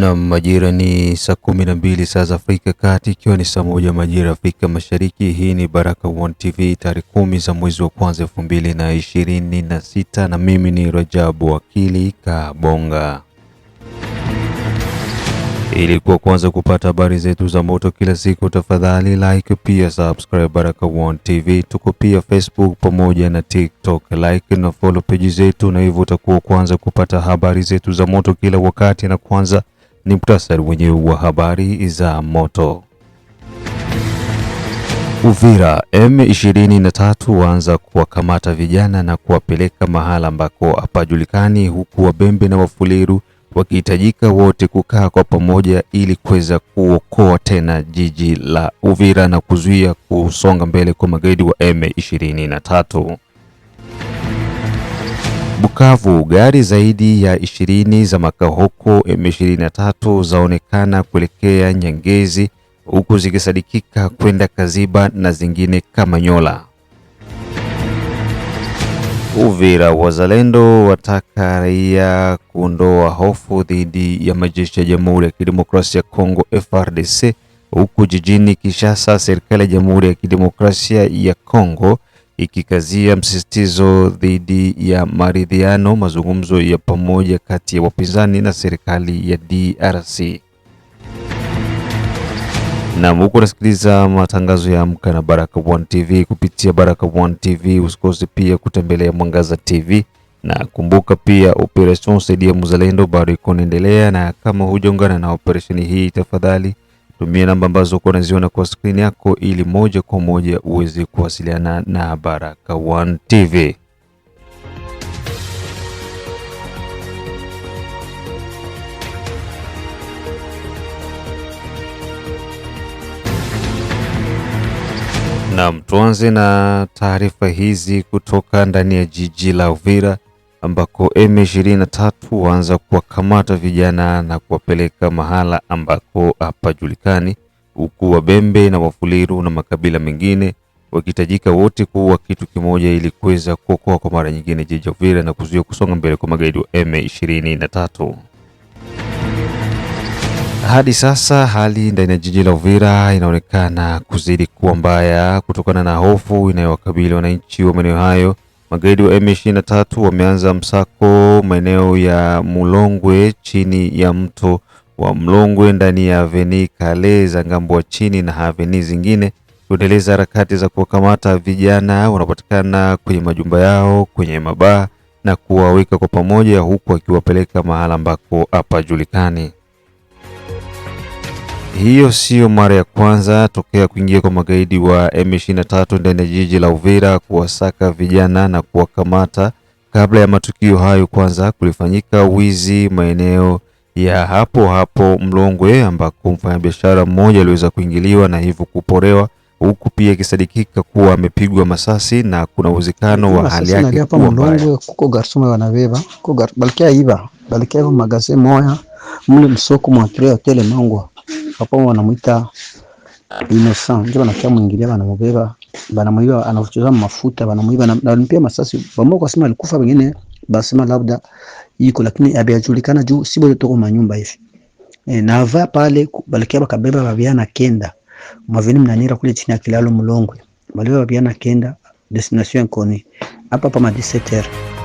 Na majira ni saa kumi na mbili saa za Afrika Kati, ikiwa ni saa moja majira ya Afrika Mashariki. Hii ni Baraka One TV, tarehe kumi za mwezi wa kwanza elfu mbili na ishirini na sita na mimi ni Rajabu Wakili Kabonga. Ili kuwa kwanza kupata habari zetu za moto kila siku, tafadhali like pia subscribe Baraka One TV. Tuko pia Facebook pamoja na TikTok, like na follow page zetu, na hivyo utakuwa kwanza kupata habari zetu za moto kila wakati. Na kwanza ni muhtasari mwenyewe wa habari za moto. Uvira, M23 waanza kuwakamata vijana na kuwapeleka mahala ambako hapajulikani, huku Wabembe na Wafuliru wakihitajika wote kukaa kwa pamoja ili kuweza kuokoa tena jiji la Uvira na kuzuia kusonga mbele kwa magaidi wa M23. Bukavu, gari zaidi ya ishirini za makahoko M23 zaonekana kuelekea Nyangezi huku zikisadikika kwenda Kaziba na zingine Kamanyola. Uvira, wazalendo wataka raia kuondoa hofu dhidi ya majeshi ya Jamhuri ya Kidemokrasia ya Kongo FRDC, huku jijini Kinshasa serikali ya Jamhuri ya Kidemokrasia ya Kongo ikikazia msisitizo dhidi ya maridhiano, mazungumzo ya pamoja kati ya wapinzani na serikali ya DRC. Na huku unasikiliza matangazo ya Amka na Baraka One TV kupitia Baraka One TV. Usikose pia kutembelea Mwangaza TV na kumbuka pia operation saidia muzalendo bado iko inaendelea, na kama hujaungana na operesheni hii, tafadhali Tumia namba ambazo uko unaziona kwa skrini yako ili moja kwa moja uweze kuwasiliana na Baraka1 TV. Naam, tuanze na taarifa hizi kutoka ndani ya jiji la Uvira ambako M23 waanza kuwakamata vijana na kuwapeleka mahala ambako hapajulikani, huku Wabembe na Wafuliru na makabila mengine wakihitajika wote kuwa kitu kimoja ili kuweza kuokoa kwa mara nyingine jiji la Uvira na kuzuia kusonga mbele kwa magaidi wa M23. Hadi sasa hali ndani ya jiji la Uvira inaonekana kuzidi kuwa mbaya kutokana na hofu inayowakabili wananchi wa maeneo hayo Magaidi wa M23 wameanza msako maeneo ya Mulongwe chini ya mto wa Mlongwe ndani ya aveni kale za ngambo wa chini na aveni zingine kuendeleza harakati za kuwakamata vijana wanapatikana kwenye majumba yao kwenye mabaa na kuwaweka kwa pamoja, huku akiwapeleka mahala ambako hapajulikani. Hiyo sio mara ya kwanza tokea kuingia kwa magaidi wa M23 ndani ya jiji la Uvira kuwasaka vijana na kuwakamata. Kabla ya matukio hayo, kwanza kulifanyika wizi maeneo ya hapo hapo Mlongwe, ambako mfanyabiashara mmoja aliweza kuingiliwa na hivyo kuporewa, huku pia ikisadikika kuwa amepigwa masasi na kuna uwezekano wa hali yake kuwa Mlongwe kuko garsume wanabeba kuko balikia iba balikia moya mli msoko mwa hotel mangwa hapo wanamuita Innocent, ndio wanakia mwingilia, banamubeba banamuiba, anachoza mafuta mwiba na walimpia masasi. kwa wasema alikufa, wengine basema labda yuko, lakini abiajulikana juu sibo yote kwa manyumba hivi. E, na hava pale balikia bakabeba babiana kenda mavini mnanira kule chini ya kilalo Mulongwe, baliba babiana kenda destination koni hapa pa ma 17h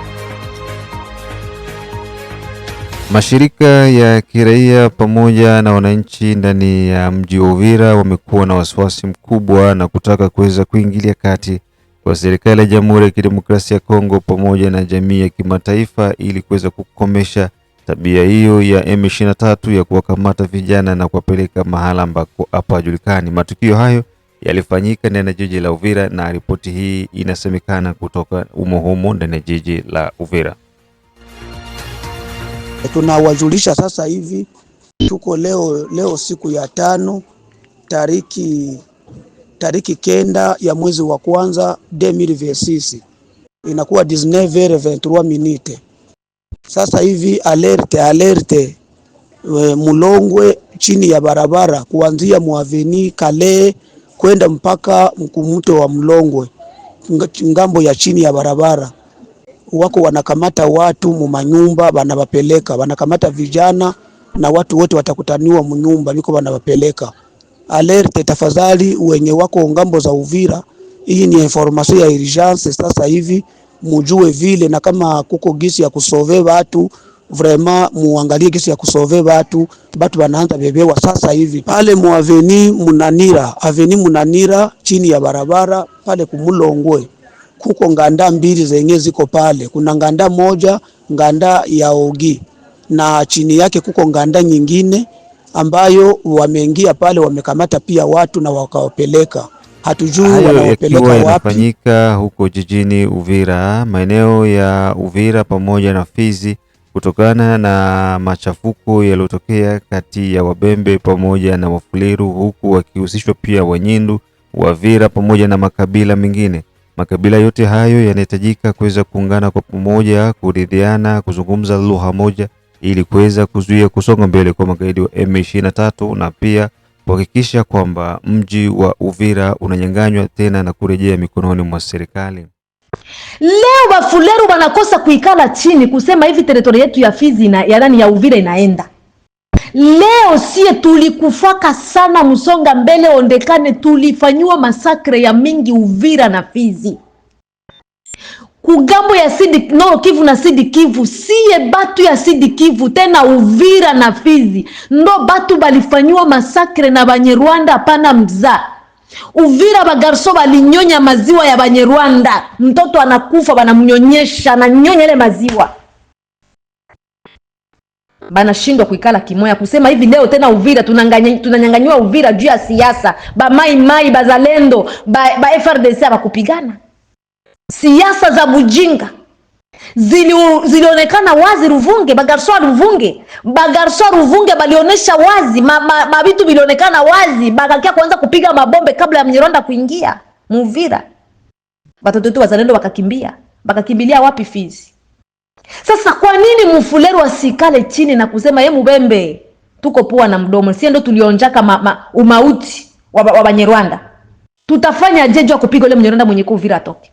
Mashirika ya kiraia pamoja na wananchi ndani ya mji wa Uvira wamekuwa na wasiwasi mkubwa na kutaka kuweza kuingilia kati kwa serikali ya Jamhuri ya Kidemokrasia ya Kongo pamoja na jamii ya kimataifa ili kuweza kukomesha tabia hiyo ya M23 ya kuwakamata vijana na kuwapeleka mahala ambako hapajulikani. Matukio hayo yalifanyika ndani ya jiji la Uvira na ripoti hii inasemekana kutoka umohumo ndani ya jiji la Uvira. Eh, tunawajulisha sasa hivi tuko leo, leo siku ya tano tariki, tariki kenda ya mwezi wa kwanza 2026 inakuwa 19 23 minute. Sasa hivi alerte alerte eh, Mulongwe chini ya barabara kuanzia muaveni Kale kwenda mpaka mkumuto wa mlongwe ngambo ya chini ya barabara wako wanakamata watu mumanyumba wanawapeleka, wanakamata vijana na watu wote watakutaniwa munyumba biko wanawapeleka. Alerte tafadhali, wenye wako ngambo za Uvira, hii ni information ya urgence sasa hivi, mujue vile, na kama kuko gisi ya kusove watu vrema, muangalie gisi ya kusove watu. Batu wanaanza bebewa sasa hivi pale mu aveni Munanira, aveni Munanira chini ya barabara pale kumulongwe kuko nganda mbili zenye ziko pale. Kuna nganda moja nganda ya Ogi na chini yake kuko nganda nyingine ambayo wameingia pale, wamekamata pia watu na wakawapeleka hatujui wanawapeleka wapi. Yanafanyika huko jijini Uvira, maeneo ya Uvira pamoja na Fizi, kutokana na machafuko yaliyotokea kati ya Wabembe pamoja na Wafuliru, huku wakihusishwa pia Wanyindu, Wavira pamoja na makabila mengine. Makabila yote hayo yanahitajika kuweza kuungana kwa pamoja, kuridhiana, kuzungumza lugha moja ili kuweza kuzuia kusonga mbele kwa magaidi wa M23 na pia kuhakikisha kwamba mji wa Uvira unanyang'anywa tena na kurejea mikononi mwa serikali. Leo Wafuleru wanakosa kuikala chini kusema hivi, teritori yetu ya Fizi na ya ya Uvira inaenda Leo sie tulikufaka sana, msonga mbele ondekane, tulifanyiwa masakre ya mingi Uvira na Fizi kugambo ya Sidi Kivu na Sidi Kivu, siye batu ya Sidi Kivu tena Uvira na Fizi ndo batu balifanyiwa masakre na rwanda Hapana mzaa Uvira bagarso balinyonya maziwa ya rwanda mtoto anakufa banamnyonyesha, ananyonya ile maziwa banashindwa kuikala kimoya kusema hivi leo tena Uvira tunanyang'anywa Uvira juu ya siasa, ba mai mai bazalendo ba, ba FRDC abakupigana. Siasa za bujinga zilionekana wazi Ruvunge, bagarso Ruvunge, bagarso Ruvunge balionesha wazi mavitu ma, vilionekana wazi, bakakia kuanza kupiga mabombe kabla ya Mnyarwanda kuingia Muvira, watoto wetu wazalendo wakakimbia, bakakimbilia wapi? Fizi. Sasa kwa nini mfuleru asikale chini na kusema ye Mubembe, tuko pua na mdomo, sie ndo tulionjaka ma, ma, umauti wa Wanyarwanda, tutafanya jeju ya kupiga ule Mnyarwanda mwenye kuvira atoke.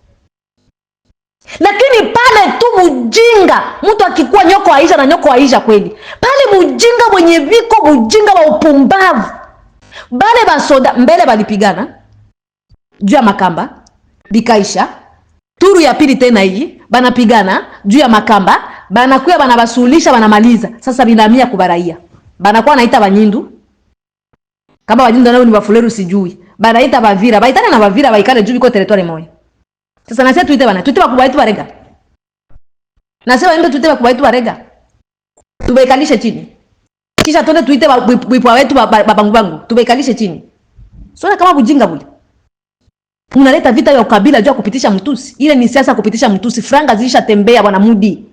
Lakini pale tu mujinga, mtu akikuwa nyoko aisha na nyoko aisha kweli, pale mujinga mwenye viko mujinga wa upumbavu, bale basoda mbele balipigana juu ya makamba bikaisha turu ya pili tena hii banapigana juu ya makamba, banakuya banabasuluhisha, banamaliza. Sasa binamia kubaraia banakuwa naita banyindu kama banyindu nao ni bafuleru, sijui banaita bavira, baitane na bavira baikale juu biko territory moyo Sasa nasi tuite bana tuite bakubwa itu barega, nasi waende tuite bakubwa itu barega, tubaikalishe chini, kisha tonde tuite bwipwa wetu babangu bangu, tubaikalishe chini. Sio kama bujinga bule unaleta vita ya ukabila juu ya kupitisha mtusi. Ile ni siasa kupitisha mtusi. Franga zilishatembea bwana Mudi,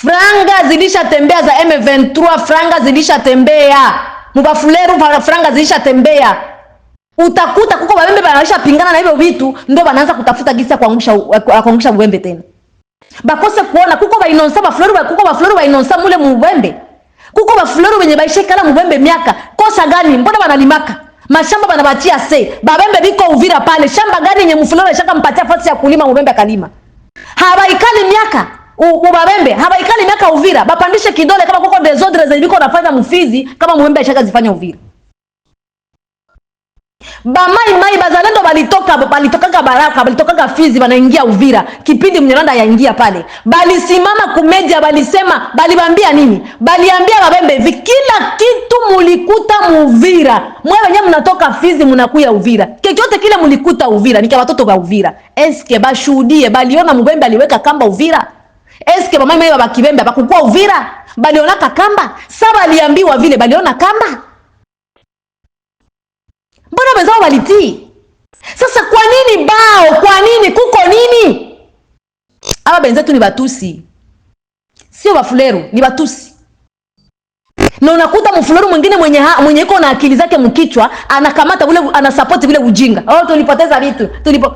franga zilishatembea za M23, franga zilishatembea mubafuleru, franga zilishatembea. Utakuta kuko wabembe wanaisha pingana na hivyo vitu, ndio wanaanza kutafuta gisi ya kuangusha kuangusha uwembe tena, bakose kuona kuko ba inonsa ba floru kuko ba floru ba inonsa mule mubembe, kuko ba floru wenye baishe kala mubembe miaka kosa gani? Mbona wanalimaka mashamba banabatia se babembe biko Uvira pale, shamba gani yenye mfulana shaka mpatia fasi ya kulima, mubembe akalima. Habaikali miaka ubabembe habaikali miaka Uvira, bapandishe kidole kama kuko desordre zilibiko nafanya mfizi kama mubembe shaka zifanya Uvira. Bamai mai bazalendo balitoka balitokaga Baraka, balitokaga Fizi, banaingia Uvira kipindi Mnyarwanda yaingia pale, balisimama kumedia, balisema, balibambia nini? Baliambia babembe hivi, kila kitu mulikuta muvira mwe wenyewe mnatoka Fizi mnakuya Uvira, chochote kile mulikuta Uvira, nikia watoto ba Uvira. Eske bashuhudie baliona mubembe aliweka kamba Uvira? Eske bamai mai baba kibembe bakukua Uvira, balionaka kamba? Saba aliambiwa vile, baliona kamba mbona wenzao walitii? Sasa kwa nini bao? Kwa nini? Kuko nini? Aba benzetu ni Batusi, sio Bafuleru, ni Batusi na unakuta mfuleru mwingine mwenye ha, mwenye iko na akili zake mkichwa anakamata vile anasapoti vile ujinga. Oh, tulipoteza vitu tulipo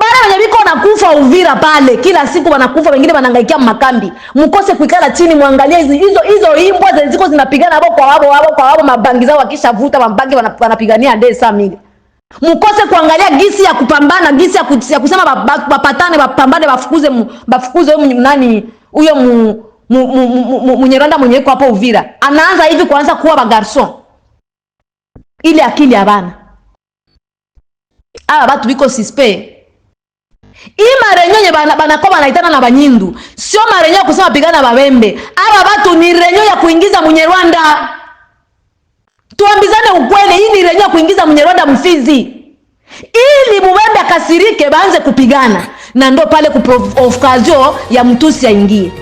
mara wenye viko wanakufa Uvira pale kila siku wanakufa, wengine wanangaikia makambi, mkose kuikala chini, mwangalie hizo hizo imbwa ziko zinapigana hapo kwa wabo wabo kwa wabo mabangi zao wakishavuta mabangi wanapigania saa mili mkose kuangalia gisi ya kupambana, gisi ya, ya kusema wapatane wapambane, wafukuze wafukuze nani huyo Munyarwanda mwenye yuko hapo Uvira, anaanza hivi kuanza kuwa bagarson, ile akili ya bana aba batu biko sispe marenyo nye banako banaitana na banyindu sio marenyo ya kusema pigana babembe aba batu ni renyo ya kuingiza munyerwanda tuambizane ukweli hii ni renyo ya kuingiza Rwanda mfizi ili mubembe akasirike baanze kupigana na ndo pale kuprofokazio ya mtusi aingie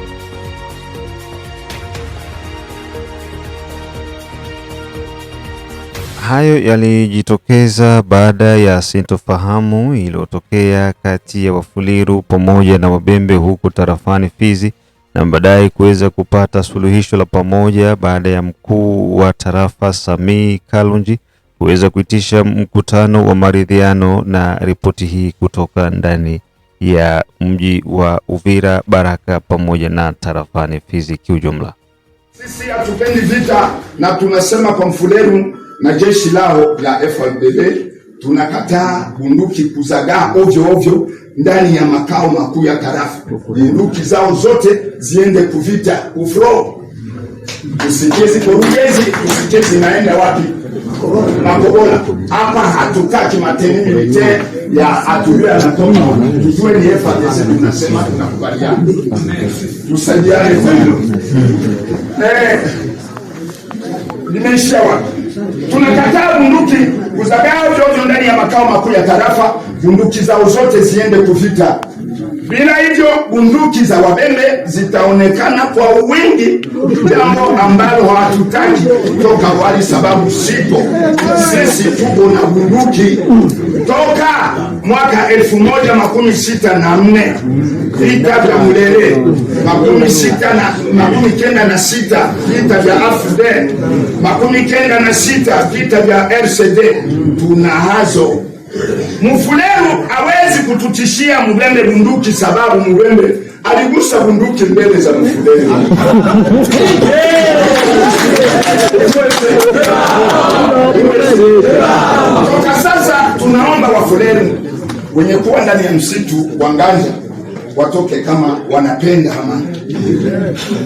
Hayo yalijitokeza baada ya sintofahamu iliyotokea kati ya Wafuliru pamoja na Wabembe huko tarafani Fizi na baadaye kuweza kupata suluhisho la pamoja baada ya mkuu wa tarafa Samii Kalunji kuweza kuitisha mkutano wa maridhiano. Na ripoti hii kutoka ndani ya mji wa Uvira, Baraka pamoja na tarafani Fizi kiujumla. Sisi hatupendi vita na tunasema kwa Mfuleru na jeshi lao la FARDC tunakataa bunduki kuzagaa ovyo ovyo ndani ya makao makuu ya tarafa. Bunduki zao zote ziende kuvita ufro, tusichezi korugezi, tusichezi naenda wapi Makobola hapa, hatukaa kimateni militaire ya atulia anatoka, tujue ni FARDC, tunasema tunakubaliana, tusaidiane. Eh, nimeishia wapi? Tunakataa bunduki kuzagao vyovyo ndani ya makao makuu ya tarafa, bunduki zao zote ziende kuvita. Bila hivyo bunduki za wabembe zitaonekana kwa wingi, jambo ambalo hatutaki toka wali, sababu sipo sisi tuko na bunduki toka mwaka elfu moja makumi sita na nne vita vya Mulele, makumi sita na makumi kenda na sita vita vya AFD, makumi kenda na sita vita vya RCD, tunahazo Mufuleru awe Hawezi kututishia Mulembe bunduki, sababu Mulembe aligusa bunduki mbele za Mufuleli. Toka sasa tunaomba Wafuleli wenye kuwa ndani ya msitu wa Nganja watoke kama wanapenda ama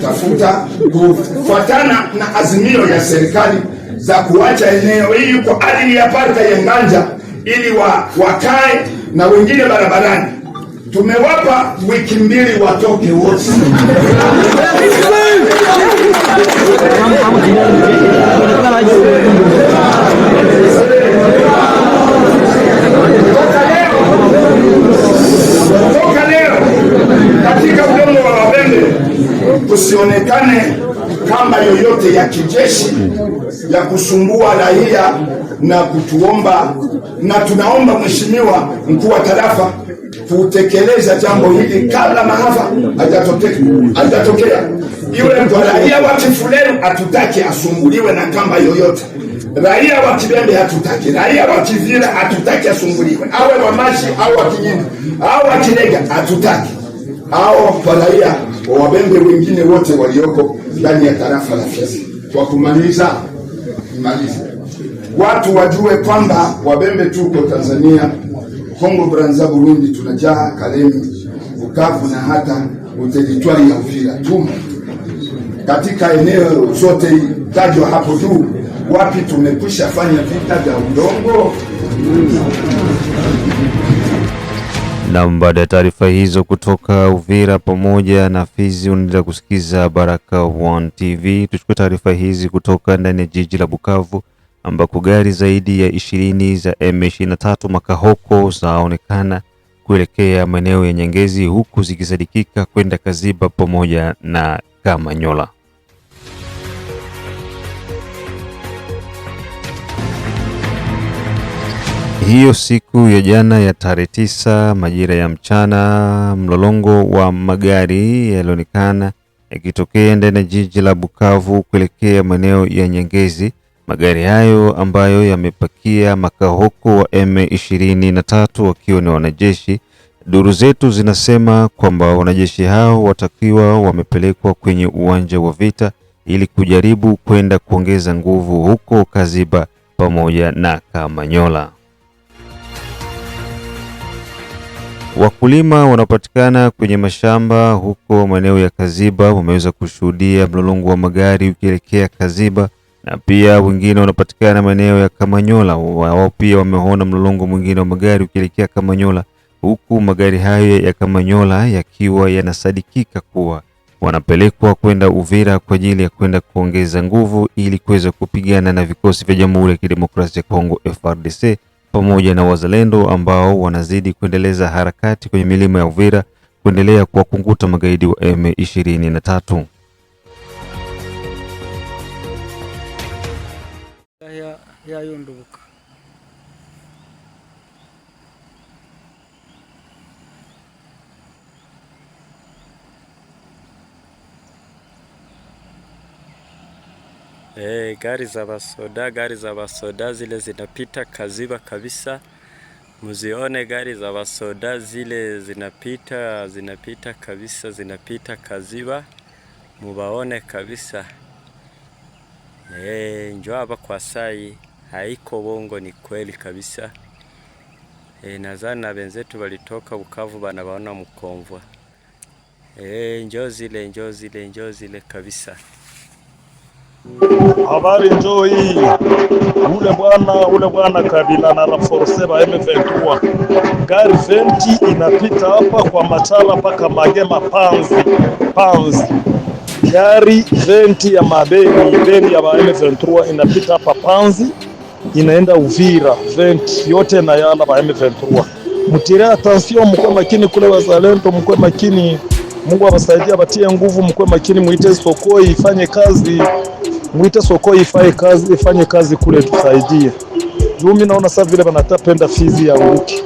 tafuta kufuatana na azimio ya serikali za kuacha eneo hili kwa ajili ya parka ya Nganja ili wa, wakae na wengine barabarani. Tumewapa wiki mbili watoke wote. Toka leo katika udongo wa Wabembe kusionekane kamba yoyote ya kijeshi ya kusumbua raia na kutuomba, na tunaomba Mheshimiwa mkuu wa tarafa kutekeleza jambo hili kabla maafa hajatokea. Iwe kwa raia wa Kifulelu, hatutaki asumbuliwe na kamba yoyote. Raia wa Kibembe hatutaki, raia wa Kivira hatutaki asumbuliwe, awe wa Mashi au wa Kinyinyi au wa Kirega hatutaki, au kwa raia wa Wabembe wengine wote walioko ndani ya tarafa la Fizi. Kwa kumaliza malize watu wajue kwamba Wabembe tuko Tanzania, Kongo Brazza, Burundi, tunajaa Kalemi, Bukavu na hata uteritwari ya Uvira. Tumo katika eneo zote tajwa hapo juu, wapi tumekwisha fanya vita vya udongo Nam, baada ya taarifa hizo kutoka Uvira pamoja na Fizi, unaendelea kusikiza Baraka One TV. Tuchukue taarifa hizi kutoka ndani ya jiji la Bukavu ambako gari zaidi ya ishirini za M23 makahoko zaonekana kuelekea maeneo ya Nyangezi huku zikisadikika kwenda Kaziba pamoja na Kamanyola. hiyo siku ya jana ya tarehe tisa majira ya mchana, mlolongo wa magari yalionekana yakitokea ndani ya jiji la Bukavu kuelekea maeneo ya nyengezi Magari hayo ambayo yamepakia makahoko wa M23 wakiwa ni wanajeshi. Duru zetu zinasema kwamba wanajeshi hao watakiwa wamepelekwa kwenye uwanja wa vita ili kujaribu kwenda kuongeza nguvu huko Kaziba pamoja na Kamanyola. Wakulima wanaopatikana kwenye mashamba huko maeneo ya Kaziba wameweza kushuhudia mlolongo wa magari ukielekea Kaziba, na pia wengine wanapatikana maeneo ya Kamanyola, wao pia wameona mlolongo mwingine wa magari ukielekea Kamanyola, huku magari hayo ya Kamanyola yakiwa yanasadikika kuwa wanapelekwa kwenda Uvira kwa ajili ya kwenda kuongeza nguvu ili kuweza kupigana na vikosi vya Jamhuri ya Kidemokrasia ya Kongo frdc pamoja na wazalendo ambao wanazidi kuendeleza harakati kwenye milima ya Uvira kuendelea kuwakunguta magaidi wa M23. Ya, ndugu E, gari za basoda, gari za basoda zile zinapita kaziba kabisa. Muzione gari za basoda zile zinapita zinapita kabisa, zinapita kaziba, mubaone kabisa. E, eh, njo hapa kwa sai haiko bongo, ni kweli kabisa. E, eh, nazana na benzetu walitoka Bukavu bana baona mkomvwa. E, njo zile njo zile njo zile kabisa. Mm habari njoo hii ule bwana ule bwana Kabila na raforce ba M23 gari venti inapita hapa kwa Machala mpaka Magema panzi panzi, gari venti ya mabeni beni ya ba M23 inapita hapa panzi inaenda Uvira venti yote na yana ba M23. Mutire attention, mko makini kule wazalendo, mko makini. Mungu awasaidia, batie nguvu, mkuwe makini, muite sokoi ifanye kazi mwite soko ifanye kazi, ifanye kazi kule tusaidie. Juu mimi naona sasa vile wanatapenda fizi ya uki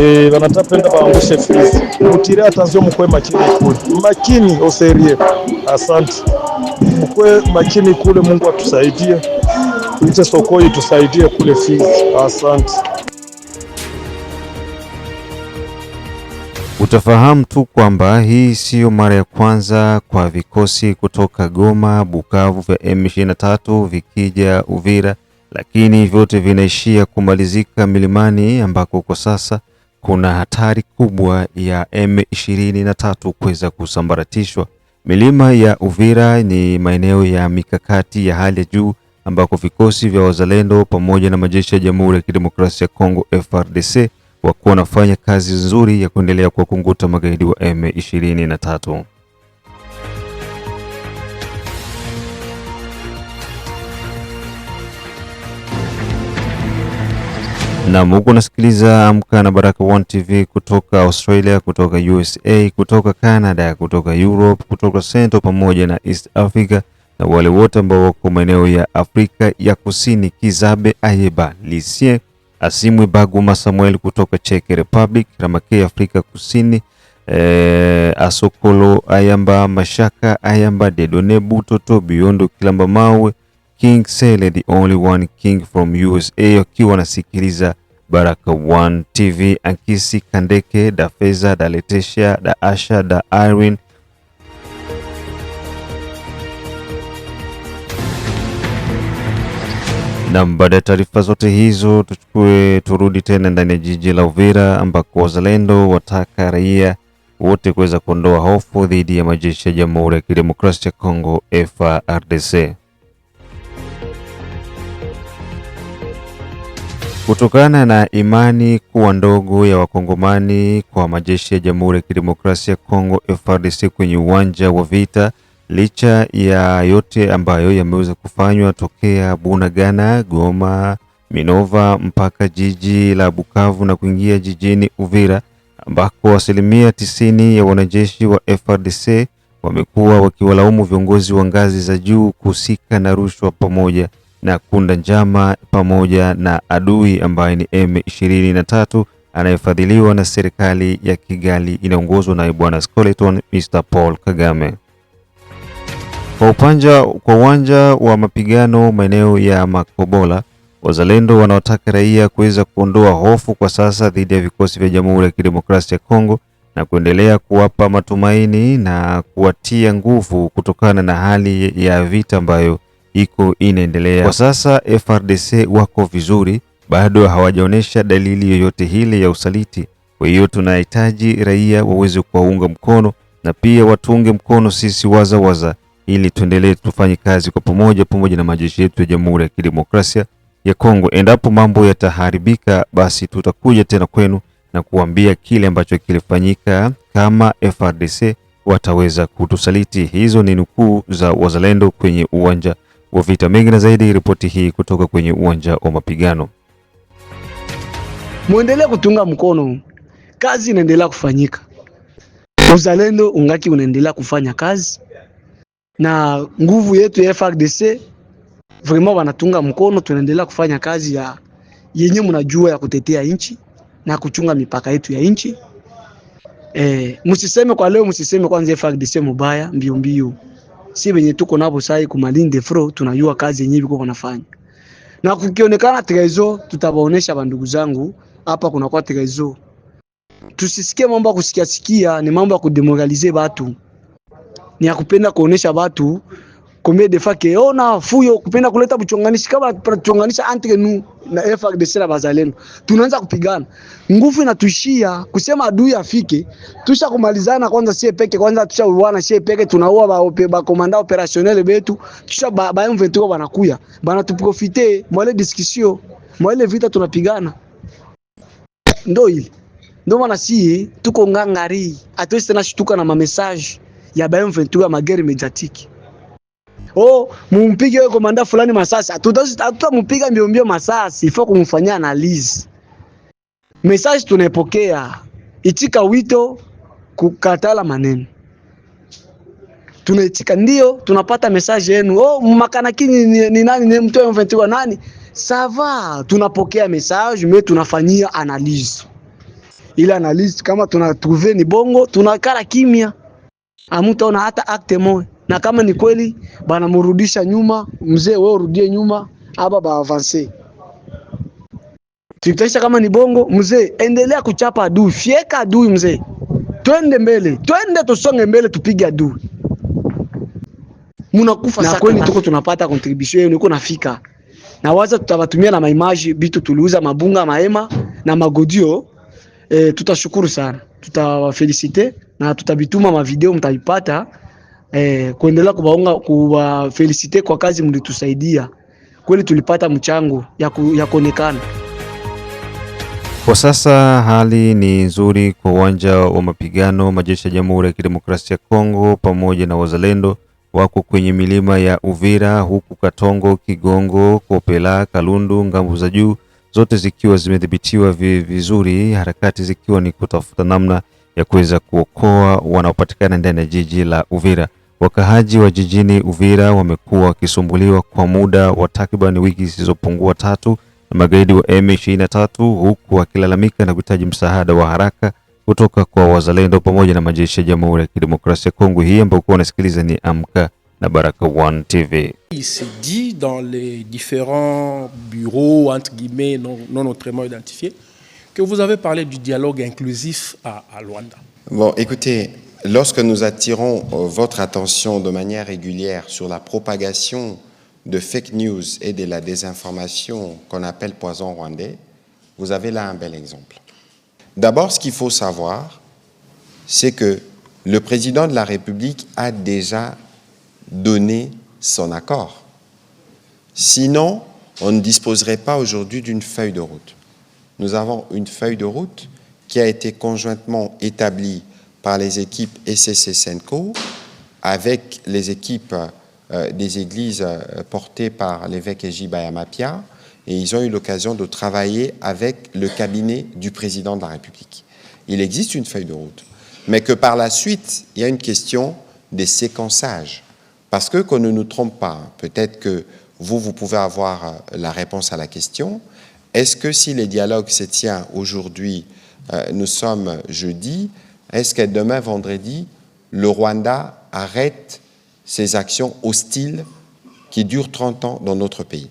Eh, wanatapenda baangushe fizi. Mutire atensio, mkwe makini kule, makini oserie. Asante, mkwe makini kule. Mungu atusaidie, mwite soko itusaidie kule fizi. Asante. Utafahamu tu kwamba hii siyo mara ya kwanza kwa vikosi kutoka Goma, Bukavu vya M23 vikija Uvira, lakini vyote vinaishia kumalizika milimani ambako kwa sasa kuna hatari kubwa ya M23 kuweza kusambaratishwa. Milima ya Uvira ni maeneo ya mikakati ya hali ya juu ambako vikosi vya wazalendo pamoja na majeshi ya Jamhuri ya Kidemokrasia ya Kongo frdc wakuwa kuwa wanafanya kazi nzuri ya kuendelea kuwakunguta magaidi wa M23. Nam huku unasikiliza Amka na Baraka One TV kutoka Australia, kutoka USA, kutoka Canada, kutoka Europe, kutoka Central pamoja na East Africa na wale wote ambao wako maeneo ya Afrika ya Kusini, Kizabe, Ayeba, Lisie Asimwe Baguma Samuel kutoka Czech Republic, Ramakei Afrika Kusini, e, Asokolo Ayamba Mashaka Ayamba Dedone Butoto Biondo Kilamba Mawe King Sele, the only one king from USA, akiwa anasikiliza Baraka 1 TV, Ankisi Kandeke, Da Feza, Da Letesha, Da Asha, Da Irene Nam, baada ya taarifa zote hizo, tuchukue turudi tena ndani ya jiji la Uvira ambako wazalendo wataka raia wote kuweza kuondoa hofu dhidi ya majeshi ya Jamhuri ya Kidemokrasia ya Kongo FARDC. Kutokana na imani kuwa ndogo ya wakongomani kwa majeshi ya Jamhuri ya Kidemokrasia ya Kongo FARDC kwenye uwanja wa vita licha ya yote ambayo yameweza kufanywa tokea Bunagana, Goma, Minova mpaka jiji la Bukavu na kuingia jijini Uvira ambako asilimia tisini ya wanajeshi wa frdc wamekuwa wakiwalaumu viongozi wa ngazi za juu kuhusika na rushwa pamoja na kunda njama pamoja na adui ambaye ni M23 anayefadhiliwa na serikali ya Kigali inaongozwa na Bwana Skeleton Mr Paul Kagame. Kwa uwanja wa mapigano maeneo ya Makobola, wazalendo wanaotaka raia kuweza kuondoa hofu kwa sasa dhidi ya vikosi vya Jamhuri ya Kidemokrasia ya Kongo na kuendelea kuwapa matumaini na kuwatia nguvu kutokana na hali ya vita ambayo iko inaendelea kwa sasa. frdc wako vizuri, bado hawajaonyesha dalili yoyote hile ya usaliti. Kwa hiyo tunahitaji raia waweze kuwaunga mkono na pia watunge mkono sisi wazawaza waza, ili tuendelee tufanye kazi kwa pamoja, pamoja na majeshi yetu ya Jamhuri ya Kidemokrasia ya Kongo. Endapo mambo yataharibika, basi tutakuja tena kwenu na kuambia kile ambacho kilifanyika, kama frdc wataweza kutusaliti. Hizo ni nukuu za wazalendo kwenye uwanja wa vita. Mengi na zaidi, ripoti hii kutoka kwenye uwanja wa mapigano. Muendelee kutunga mkono, kazi inaendelea kufanyika, uzalendo ungaki unaendelea kufanya kazi na nguvu yetu ya FRDC vraiment wanatunga mkono, tunaendelea kufanya kazi ya yenye mnajua ya kutetea nchi na kuchunga mipaka yetu ya nchi. Eh, msiseme kwa leo, msiseme kwanza FRDC mubaya mbio mbio. Si wenye tuko nabo sai kumalinde fro, tunajua kazi yenye biko wanafanya Na kukionekana Trezo, tutabaonesha bandugu zangu hapa kuna kwa Trezo. Tusisikie mambo ya kusikia sikia, ni mambo ya kudemoralize batu ni ya kupenda kuonesha batu combien de fois que on oh, a fuyo kupenda kuleta buchonganishi kama tunachonganisha entre nous na FARDC na bazalendo, tunaanza kupigana, nguvu inatuishia kusema adui afike, tusha kumalizana kwanza, sie peke kwanza, tusha uwana sie peke, tunaua ba ope, ba komanda operationnel betu, tusha ba, ba M23 banakuya bana tuprofite mwale discussion mwale vita tunapigana, ndo ile ndo maana si tuko ngangari, hatuwezi tena shtuka na mamesaje ya ba M23 ya magari mediatiki. Oh, mumpige wewe komanda fulani masasi. Hatuta Tutamupiga mbio mbio masasi, ifo kumfanyia analizi. Message tunaipokea. Itika wito kukatala maneno. Tunaitika ndio, tunapata message yenu. Oh, makanakini ni, ni nani ni mtu wa M23 nani? Sava, tunapokea message me tunafanyia analizi. Ile analizi kama tunatruve ni bongo, tunakala kimya amutaona hata akte moja, na kama ni kweli banamurudisha nyuma, mzee wewe urudie nyuma, aba ba avance tukitaisha. Kama ni bongo, mzee endelea kuchapa adui, fieka adui mzee, twende mbele, twende tusonge mbele, tupige adui. Munakufa na kweli, tuko tunapata contribution yenu, iko nafika na waza tutabatumia na maimaji bitu tuliuza mabunga maema na magodio. E, tutashukuru sana tutawafelisite na tutabituma mavideo mtaipata. Eh, kuendelea kubaunga kuwafelisite kwa kazi mlitusaidia kweli, tulipata mchango ya, ku, ya kuonekana. Kwa sasa hali ni nzuri kwa uwanja wa mapigano. Majeshi ya Jamhuri ya Kidemokrasia ya Kongo pamoja na wazalendo wako kwenye milima ya Uvira, huku Katongo, Kigongo, Kopela, Kalundu, ngambo za juu zote zikiwa zimedhibitiwa vizuri, harakati zikiwa ni kutafuta namna ya kuweza kuokoa wanaopatikana ndani ya jiji la Uvira. Wakahaji wa jijini Uvira wamekuwa wakisumbuliwa kwa muda wa takriban wiki zisizopungua tatu na magaidi wa M23 huku wakilalamika na kuhitaji msaada wa haraka kutoka kwa wazalendo pamoja na majeshi ya Jamhuri ya Kidemokrasia ya Kongo. Hii ambayo unasikiliza ni Amka TV. Il s'est dit dans les différents bureaux, entre guillemets, non, autrement identifiés, que vous avez parlé du dialogue inclusif à, à Luanda. Bon, écoutez, lorsque nous attirons euh, votre attention de manière régulière sur la propagation de fake news et de la désinformation qu'on appelle poison rwandais, vous avez là un bel exemple. D'abord, ce qu'il faut savoir, c'est que le président de la République a déjà donner son accord. Sinon, on ne disposerait pas aujourd'hui d'une feuille de route. Nous avons une feuille de route qui a été conjointement établie par les équipes scc Senko, avec les équipes euh, des églises euh, portées par l'évêque Eji Bayamapia et ils ont eu l'occasion de travailler avec le cabinet du président de la République. Il existe une feuille de route, mais que par la suite, il y a une question des séquençages. Parce que qu'on ne nous trompe pas, peut-être que vous, vous pouvez avoir euh, la réponse à la question. Est-ce que si les dialogues se tiennent aujourd'hui, euh, nous sommes jeudi, est-ce que demain, vendredi, le Rwanda arrête ses actions hostiles qui durent 30 ans dans notre pays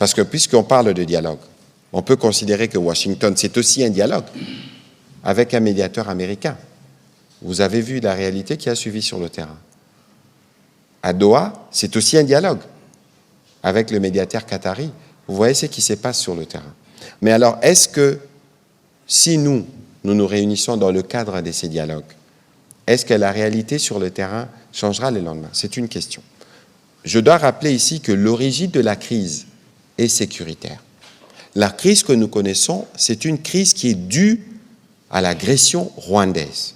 Parce que puisqu'on parle de dialogue, on peut considérer que Washington, c'est aussi un dialogue avec un médiateur américain. Vous avez vu la réalité qui a suivi sur le terrain à Doha, c'est aussi un dialogue avec le médiateur qatari. Vous voyez ce qui se passe sur le terrain. Mais alors, est-ce que si nous, nous nous réunissons dans le cadre de ces dialogues, est-ce que la réalité sur le terrain changera le lendemain C'est une question. Je dois rappeler ici que l'origine de la crise est sécuritaire. La crise que nous connaissons, c'est une crise qui est due à l'agression rwandaise.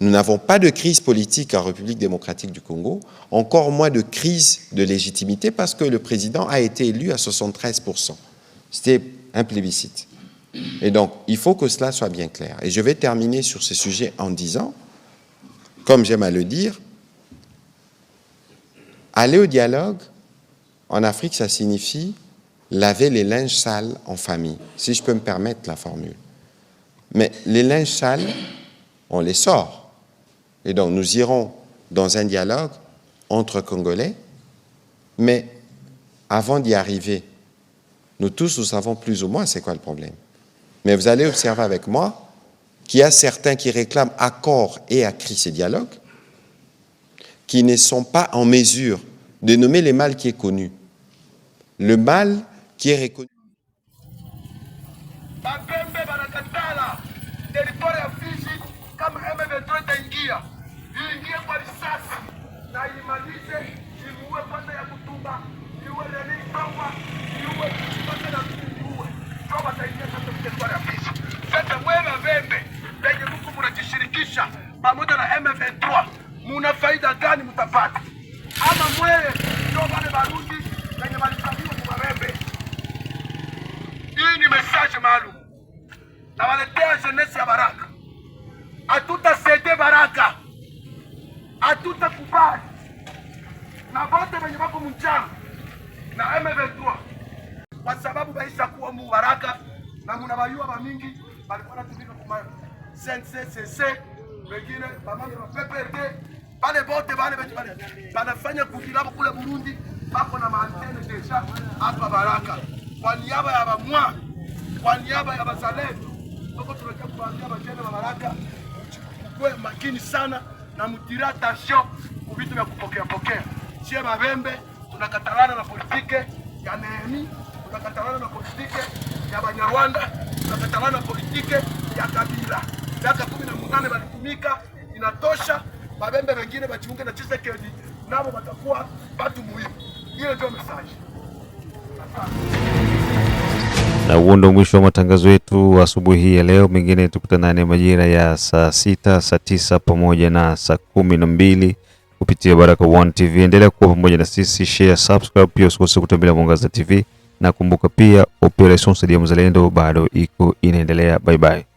Nous n'avons pas de crise politique en République démocratique du Congo, encore moins de crise de légitimité parce que le président a été élu à 73%. C'était un plébiscite. Et donc, il faut que cela soit bien clair. Et je vais terminer sur ce sujet en disant, comme j'aime à le dire, aller au dialogue en Afrique, ça signifie laver les linges sales en famille, si je peux me permettre la formule. Mais les linges sales, on les sort. Et donc nous irons dans un dialogue entre Congolais, mais avant d'y arriver, nous tous, nous savons plus ou moins c'est quoi le problème. Mais vous allez observer avec moi qu'il y a certains qui réclament accord et à cri ces dialogues, qui ne sont pas en mesure de nommer le mal qui est connu. Le mal qui est reconnu. na imalize imuue kwanza ya kutumba iwe leni toba iwe kwanza na kutumbue kwa wataidia sasa mtendwa rafisi sasa. Wewe wembe lenye mko mnajishirikisha pamoja na M23 muna faida gani mtapata? Ama mwewe ndio wale Barundi lenye walisabiwa kwa wembe. Hii ni message maalum na waletea jeunesse ya Baraka, hatutasete Baraka, hatutakubali na bote venye vako mchana na M23 kwa sababu baisha kuwa mubaraka na muna bayua ba mingi balikuwa natumika kuma sense wengine bamama ba PPRD pale bote bale benye bale banafanya kujilabo kule Burundi bako na maantene deja hapa Baraka kwa niaba ya bamwa kwa niaba ya bazalendo tuko tunataka kuambia bajene wa Baraka kwa makini sana na mtira tasho vitu vya kupokea pokea sie Babembe tunakatalana na politike ya Nehemi, tunakatalana na politike ya Banyarwanda, tunakatalana na politike ya kabila. Miaka kumi na munane balitumika, inatosha. Babembe wengine bajiunge na Tshisekedi, nabo watakuwa batu muhimu. Ile ndio mesaji. Na huo mwisho wa matangazo yetu asubuhi ya leo. Mengine tukutanane majira ya saa sita, saa tisa pamoja na saa kumi na mbili kupitia Baraka1 TV. Endelea kuwa pamoja na sisi, share, subscribe, pia usikose kutembelea Mwangaza TV na kumbuka pia operation saidia mzalendo bado iko inaendelea. Bye bye.